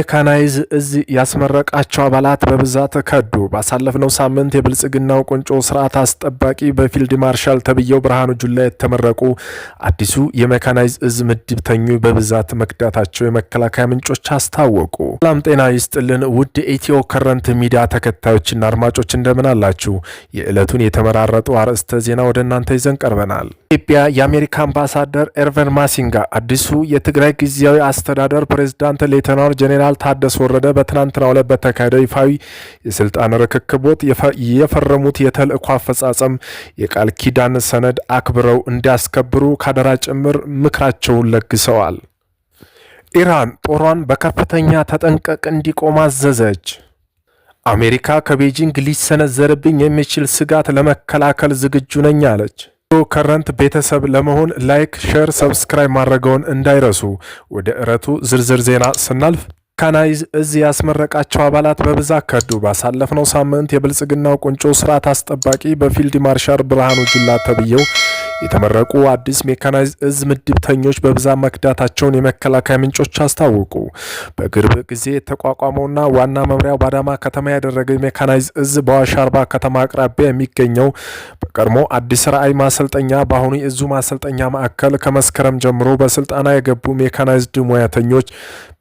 ሜካናይዝ እዝ ያስመረቃቸው አባላት በብዛት ከዱ። ባሳለፍነው ሳምንት የብልጽግናው ቁንጮ ስርዓት አስጠባቂ በፊልድ ማርሻል ተብዬው ብርሃኑ ጁላ የተመረቁ አዲሱ የሜካናይዝ እዝ ምድብተኞች በብዛት መክዳታቸው የመከላከያ ምንጮች አስታወቁ። ሰላም ጤና ይስጥልን ውድ ኢትዮ ከረንት ሚዲያ ተከታዮችና አድማጮች እንደምን አላችሁ? የዕለቱን የተመራረጡ አርዕስተ ዜና ወደ እናንተ ይዘን ቀርበናል። ኢትዮጵያ የአሜሪካ አምባሳደር ኤርቨን ማሲንጋ አዲሱ የትግራይ ጊዜያዊ አስተዳደር ፕሬዝዳንት ሌተናል ጄኔራል ጀኔራል ታደሰ ወረደ በትናንትናው ዕለት በተካሄደው ይፋዊ የስልጣን ርክክብ የፈረሙት የተልእኮ አፈጻጸም የቃል ኪዳን ሰነድ አክብረው እንዲያስከብሩ ካደራ ጭምር ምክራቸውን ለግሰዋል። ኢራን ጦሯን በከፍተኛ ተጠንቀቅ እንዲቆም አዘዘች። አሜሪካ ከቤጂንግ ሊሰነዘርብኝ የሚችል ስጋት ለመከላከል ዝግጁ ነኝ አለች። ከረንት ቤተሰብ ለመሆን ላይክ፣ ሼር፣ ሰብስክራይብ ማድረገውን እንዳይረሱ። ወደ ዕለቱ ዝርዝር ዜና ስናልፍ ካናይዝ እዝ ያስመረቃቸው አባላት በብዛት ከዱ። ባሳለፍነው ሳምንት የብልጽግናው ቁንጮ ስርዓት አስጠባቂ በፊልድ ማርሻል ብርሃኑ ጁላ ተብዬው የተመረቁ አዲስ ሜካናይዝ እዝ ምድብተኞች በብዛት መክዳታቸውን የመከላከያ ምንጮች አስታወቁ። በቅርብ ጊዜ የተቋቋመውና ዋና መምሪያው በአዳማ ከተማ ያደረገው የሜካናይዝ እዝ በዋሻ አርባ ከተማ አቅራቢያ የሚገኘው በቀድሞ አዲስ ራዕይ ማሰልጠኛ በአሁኑ የእዙ ማሰልጠኛ ማዕከል ከመስከረም ጀምሮ በስልጠና የገቡ ሜካናይዝድ ሙያተኞች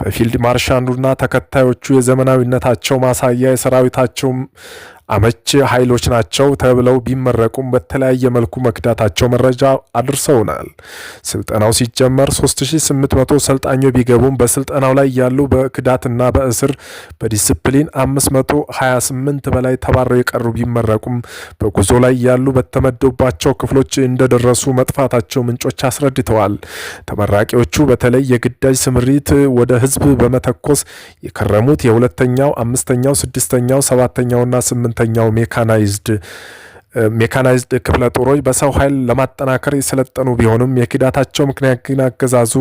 በፊልድ ማርሻሉና ተከታዮቹ የዘመናዊነታቸው ማሳያ የሰራዊታቸው አመች ኃይሎች ናቸው ተብለው ቢመረቁም በተለያየ መልኩ መክዳታቸው መረጃ አድርሰውናል። ስልጠናው ሲጀመር 3800 ሰልጣኞች ቢገቡም በስልጠናው ላይ ያሉ በክዳትና በእስር በዲስፕሊን 528 በላይ ተባረው የቀሩ ቢመረቁም በጉዞ ላይ ያሉ በተመደቡባቸው ክፍሎች እንደደረሱ መጥፋታቸው ምንጮች አስረድተዋል። ተመራቂዎቹ በተለይ የግዳጅ ስምሪት ወደ ህዝብ በመተኮስ የከረሙት የሁለተኛው፣ አምስተኛው፣ ስድስተኛው፣ ሰባተኛውና ስምንት ከፍተኛው ሜካናይዝድ ሜካናይዝድ ክፍለ ጦሮች በሰው ኃይል ለማጠናከር የሰለጠኑ ቢሆንም የክዳታቸው ምክንያት ግን አገዛዙ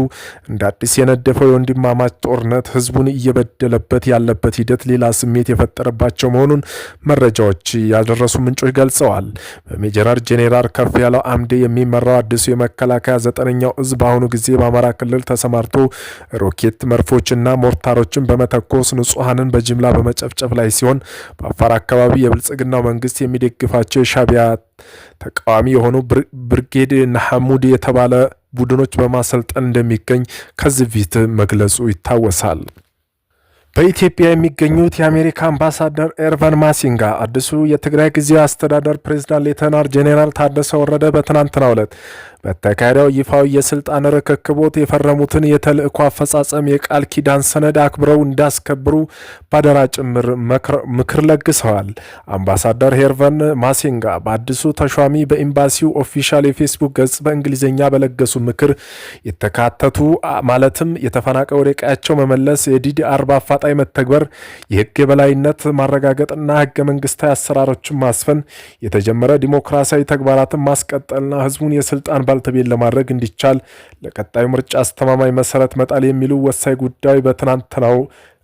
እንደ አዲስ የነደፈው የወንድማማች ጦርነት ህዝቡን እየበደለበት ያለበት ሂደት ሌላ ስሜት የፈጠረባቸው መሆኑን መረጃዎች ያደረሱ ምንጮች ገልጸዋል። በሜጀራል ጄኔራል ከፍ ያለው አምዴ የሚመራው አዲሱ የመከላከያ ዘጠነኛው እዝ በአሁኑ ጊዜ በአማራ ክልል ተሰማርቶ ሮኬት መርፎችና ሞርታሮችን በመተኮስ ንጹሐንን በጅምላ በመጨፍጨፍ ላይ ሲሆን በአፋር አካባቢ የብልጽግናው መንግስት የሚደግፋቸው ሻቢያ ተቃዋሚ የሆኑ ብርጌድ ናሐሙድ የተባለ ቡድኖች በማሰልጠን እንደሚገኝ ከዚህ ፊት መግለጹ ይታወሳል። በኢትዮጵያ የሚገኙት የአሜሪካ አምባሳደር ኤርቨን ማሲንጋ አዲሱ የትግራይ ጊዜያዊ አስተዳደር ፕሬዝዳንት ሌተናል ጄኔራል ታደሰ ወረደ በትናንትናው ዕለት በተካሄደው ይፋዊ የስልጣን ርክክቦት የፈረሙትን የተልእኮ አፈጻጸም የቃል ኪዳን ሰነድ አክብረው እንዳስከብሩ ባደራ ጭምር ምክር ለግሰዋል። አምባሳደር ሄርቨን ማሲንጋ በአዲሱ ተሿሚ በኤምባሲው ኦፊሻል የፌስቡክ ገጽ በእንግሊዝኛ በለገሱ ምክር የተካተቱ ማለትም የተፈናቀው ወደ ቀያቸው መመለስ የዲዲ አርባ ቀጣይ መተግበር የህግ የበላይነት ማረጋገጥና ህገ መንግስታዊ አሰራሮችን ማስፈን የተጀመረ ዲሞክራሲያዊ ተግባራትን ማስቀጠልና ህዝቡን የስልጣን ባልተቤት ለማድረግ እንዲቻል ለቀጣዩ ምርጫ አስተማማኝ መሰረት መጣል የሚሉ ወሳኝ ጉዳዮች በትናንትናው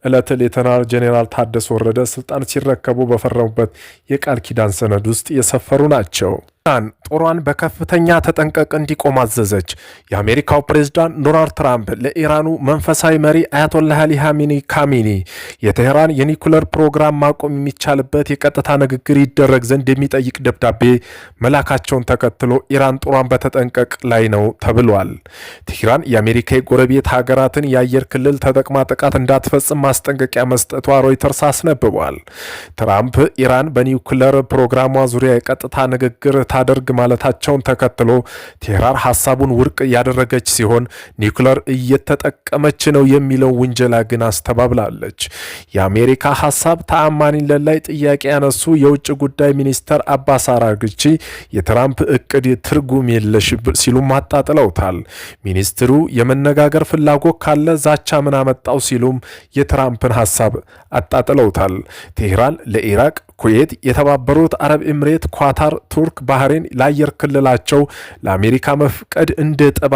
ዕለት ሌተናል ጄኔራል ታደሰ ወረደ ስልጣን ሲረከቡ በፈረሙበት የቃል ኪዳን ሰነድ ውስጥ የሰፈሩ ናቸው። ኢራን ጦሯን በከፍተኛ ተጠንቀቅ እንዲቆም አዘዘች። የአሜሪካው ፕሬዝዳንት ዶናልድ ትራምፕ ለኢራኑ መንፈሳዊ መሪ አያቶላህ አሊ ሃሚኒ ካሚኒ የቴህራን የኒኩለር ፕሮግራም ማቆም የሚቻልበት የቀጥታ ንግግር ይደረግ ዘንድ የሚጠይቅ ደብዳቤ መላካቸውን ተከትሎ ኢራን ጦሯን በተጠንቀቅ ላይ ነው ተብሏል። ቴህራን የአሜሪካ የጎረቤት ሀገራትን የአየር ክልል ተጠቅማ ጥቃት እንዳትፈጽም ማስጠንቀቂያ መስጠቷ ሮይተርስ አስነብቧል። ትራምፕ ኢራን በኒኩለር ፕሮግራሟ ዙሪያ የቀጥታ ንግግር አታደርግ ማለታቸውን ተከትሎ ቴህራን ሀሳቡን ውድቅ ያደረገች ሲሆን ኒውክለር እየተጠቀመች ነው የሚለው ውንጀላ ግን አስተባብላለች። የአሜሪካ ሀሳብ ተአማኒነት ላይ ጥያቄ ያነሱ የውጭ ጉዳይ ሚኒስተር አባስ አራግቺ የትራምፕ እቅድ ትርጉም የለሽ ሲሉም አጣጥለውታል። ሚኒስትሩ የመነጋገር ፍላጎት ካለ ዛቻ ምን አመጣው ሲሉም የትራምፕን ሀሳብ አጣጥለውታል። ቴህራን ለኢራቅ ኩዌት፣ የተባበሩት አረብ ኤምሬት፣ ኳታር፣ ቱርክ፣ ባህሬን ለአየር ክልላቸው ለአሜሪካ መፍቀድ እንደ ጠብ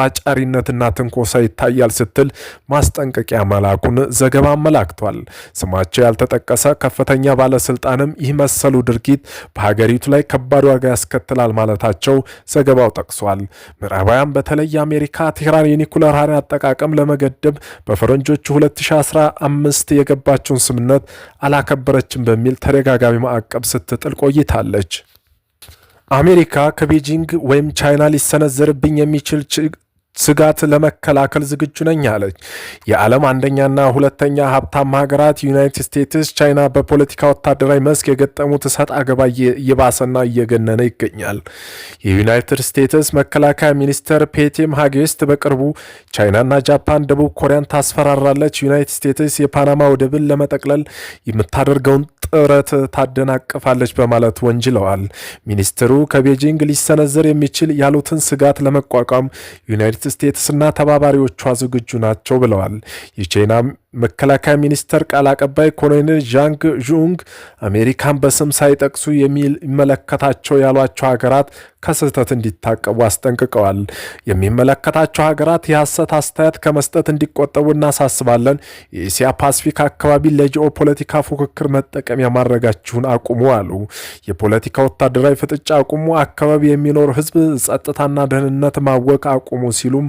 ትንኮሳ ይታያል ስትል ማስጠንቀቂያ መላኩን ዘገባ አመላክቷል። ስማቸው ያልተጠቀሰ ከፍተኛ ባለስልጣንም ይህ መሰሉ ድርጊት በሀገሪቱ ላይ ከባድ ዋጋ ያስከትላል ማለታቸው ዘገባው ጠቅሷል። ምዕራባውያን በተለይ የአሜሪካ ቴህራን የኒኩለር ኃይል አጠቃቀም ለመገደብ በፈረንጆቹ 2015 የገባቸውን ስምነት አላከበረችም በሚል ተደጋጋሚ ማዕቀብ ስትጥል ቆይታለች። አሜሪካ ከቤጂንግ ወይም ቻይና ሊሰነዘርብኝ የሚችል ስጋት ለመከላከል ዝግጁ ነኝ አለች። የዓለም አንደኛና ሁለተኛ ሀብታም ሀገራት ዩናይትድ ስቴትስ፣ ቻይና በፖለቲካ ወታደራዊ መስክ የገጠሙት እሰጥ አገባ እየባሰና እየገነነ ይገኛል። የዩናይትድ ስቴትስ መከላከያ ሚኒስተር ፔቴም ሀጌስት በቅርቡ ቻይናና ጃፓን ደቡብ ኮሪያን ታስፈራራለች፣ ዩናይትድ ስቴትስ የፓናማ ወደብን ለመጠቅለል የምታደርገውን ጥረት ታደናቅፋለች በማለት ወንጅለዋል። ሚኒስትሩ ከቤጂንግ ሊሰነዘር የሚችል ያሉትን ስጋት ለመቋቋም ዩናይትድ ዩናይትድ ስቴትስና ተባባሪዎቿ ዝግጁ ናቸው ብለዋል። የቻይና መከላከያ ሚኒስተር ቃል አቀባይ ኮሎኔል ዣንግ ዥንግ አሜሪካን በስም ሳይጠቅሱ የሚመለከታቸው ያሏቸው ሀገራት ከስህተት እንዲታቀቡ አስጠንቅቀዋል። የሚመለከታቸው ሀገራት የሐሰት አስተያየት ከመስጠት እንዲቆጠቡ እናሳስባለን። የእስያ ፓስፊክ አካባቢ ለጂኦ ፖለቲካ ፉክክር መጠቀሚያ ማድረጋችሁን አቁሙ አሉ። የፖለቲካ ወታደራዊ ፍጥጫ አቁሙ፣ አካባቢ የሚኖር ህዝብ ጸጥታና ደህንነት ማወቅ አቁሙ ሲሉም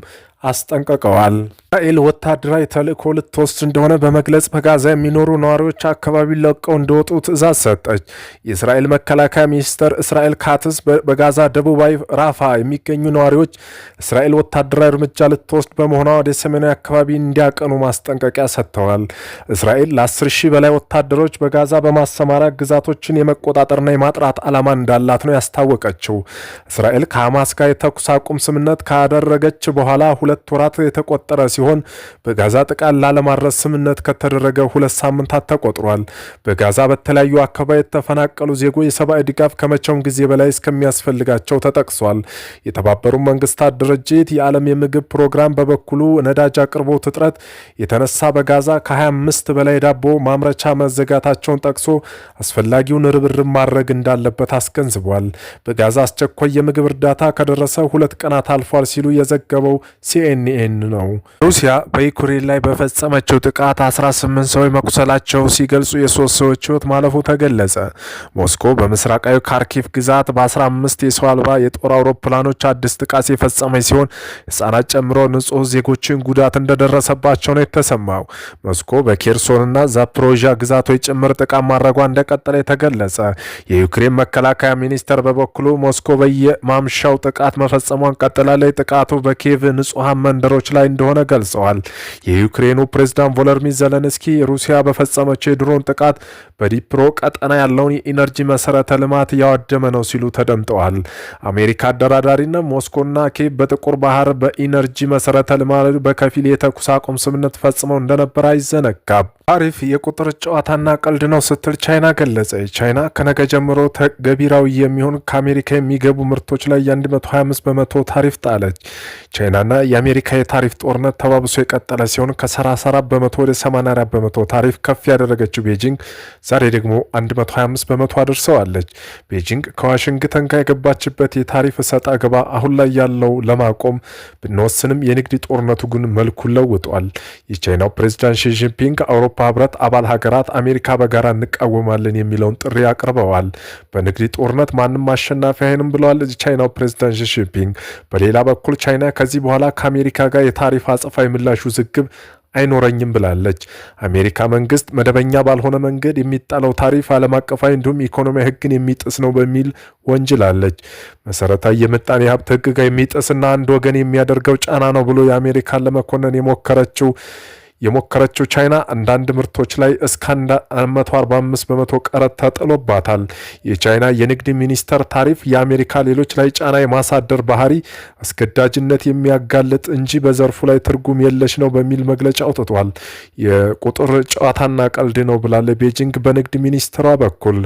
አስጠንቅቀዋል። እስራኤል ወታደራዊ ተልእኮ ልትወስድ እንደሆነ በመግለጽ በጋዛ የሚኖሩ ነዋሪዎች አካባቢ ለቀው እንደወጡ ትዕዛዝ ሰጠች። የእስራኤል መከላከያ ሚኒስተር እስራኤል ካትስ በጋዛ ደቡባዊ ራፋ የሚገኙ ነዋሪዎች እስራኤል ወታደራዊ እርምጃ ልትወስድ በመሆኗ ወደ ሰሜናዊ አካባቢ እንዲያቀኑ ማስጠንቀቂያ ሰጥተዋል። እስራኤል ለ10 ሺህ በላይ ወታደሮች በጋዛ በማሰማራት ግዛቶችን የመቆጣጠርና የማጥራት ዓላማ እንዳላት ነው ያስታወቀችው። እስራኤል ከሐማስ ጋር የተኩስ አቁም ስምነት ካደረገች በኋላ ሁለት ወራት የተቆጠረ ሲሆን በጋዛ ጥቃት ላለማድረስ ስምነት ከተደረገ ሁለት ሳምንታት ተቆጥሯል። በጋዛ በተለያዩ አካባቢ የተፈናቀሉ ዜጎች የሰብአዊ ድጋፍ ከመቼውም ጊዜ በላይ እስከሚያስፈልጋቸው ተጠቅሷል። የተባበሩት መንግስታት ድርጅት የዓለም የምግብ ፕሮግራም በበኩሉ ነዳጅ አቅርቦት እጥረት የተነሳ በጋዛ ከ25 በላይ ዳቦ ማምረቻ መዘጋታቸውን ጠቅሶ አስፈላጊውን ርብርብ ማድረግ እንዳለበት አስገንዝቧል። በጋዛ አስቸኳይ የምግብ እርዳታ ከደረሰ ሁለት ቀናት አልፏል ሲሉ የዘገበው ሲ ሲኤንኤን ነው። ሩሲያ በዩክሬን ላይ በፈጸመችው ጥቃት 18 ሰዎች መቁሰላቸው ሲገልጹ የሶስት ሰዎች ህይወት ማለፉ ተገለጸ። ሞስኮ በምስራቃዊ ካርኪቭ ግዛት በ15 የሰው አልባ የጦር አውሮፕላኖች አዲስ ጥቃት የፈጸመች ሲሆን ህጻናት ጨምሮ ንጹህ ዜጎችን ጉዳት እንደደረሰባቸው ነው የተሰማው። ሞስኮ በኬርሶንና ዛፕሮዣ ግዛቶች ጭምር ጥቃት ማድረጓ እንደቀጠለ የተገለጸ የዩክሬን መከላከያ ሚኒስቴር በበኩሉ ሞስኮ በየማምሻው ጥቃት መፈጸሟን ቀጥላለች። ጥቃቱ በኪየቭ ንጹሐ ንጹሐን መንደሮች ላይ እንደሆነ ገልጸዋል። የዩክሬኑ ፕሬዝዳንት ቮሎድሚር ዘለንስኪ ሩሲያ በፈጸመችው የድሮን ጥቃት በዲፕሮ ቀጠና ያለውን የኢነርጂ መሰረተ ልማት እያወደመ ነው ሲሉ ተደምጠዋል። አሜሪካ አደራዳሪነት ሞስኮና ኬቭ በጥቁር ባህር በኢነርጂ መሰረተ ልማት በከፊል የተኩስ አቁም ስምነት ፈጽመው እንደነበር አይዘነጋም። አሪፍ የቁጥር ጨዋታና ቀልድ ነው ስትል ቻይና ገለጸ። ቻይና ከነገ ጀምሮ ተገቢራዊ የሚሆን ከአሜሪካ የሚገቡ ምርቶች ላይ የ125 በመቶ ታሪፍ ጣለች። ቻይናና የአሜሪካ የታሪፍ ጦርነት ተባብሶ የቀጠለ ሲሆን ከ34 በመቶ ወደ 84 በመቶ ታሪፍ ከፍ ያደረገችው ቤጂንግ ዛሬ ደግሞ 125 በመቶ አድርሰዋለች። ቤጂንግ ከዋሽንግተን ጋር የገባችበት የታሪፍ እሰጥ አገባ አሁን ላይ ያለው ለማቆም ብንወስንም የንግድ ጦርነቱ ግን መልኩ ለውጧል። የቻይናው ፕሬዚዳንት ሺጂንፒንግ አውሮፓ ህብረት አባል ሀገራት አሜሪካ በጋራ እንቃወማለን የሚለውን ጥሪ አቅርበዋል። በንግድ ጦርነት ማንም አሸናፊ አይንም ብለዋል የቻይናው ፕሬዚዳንት ሺጂንፒንግ። በሌላ በኩል ቻይና ከዚህ በኋላ ከአሜሪካ ጋር የታሪፍ አጸፋ የምላሽ ውዝግብ አይኖረኝም ብላለች። አሜሪካ መንግስት መደበኛ ባልሆነ መንገድ የሚጣለው ታሪፍ ዓለም አቀፋዊ እንዲሁም ኢኮኖሚያዊ ሕግን የሚጥስ ነው በሚል ወንጅላለች። መሰረታዊ የምጣኔ ሀብት ሕግ ጋር የሚጥስና አንድ ወገን የሚያደርገው ጫና ነው ብሎ የአሜሪካን ለመኮነን የሞከረችው የሞከረችው ቻይና አንዳንድ ምርቶች ላይ እስከ 145 በመቶ ቀረጥ ተጥሎባታል። የቻይና የንግድ ሚኒስቴር ታሪፍ የአሜሪካ ሌሎች ላይ ጫና የማሳደር ባህሪ አስገዳጅነት የሚያጋልጥ እንጂ በዘርፉ ላይ ትርጉም የለሽ ነው በሚል መግለጫ አውጥቷል። የቁጥር ጨዋታና ቀልድ ነው ብላለ ቤጂንግ በንግድ ሚኒስትሯ በኩል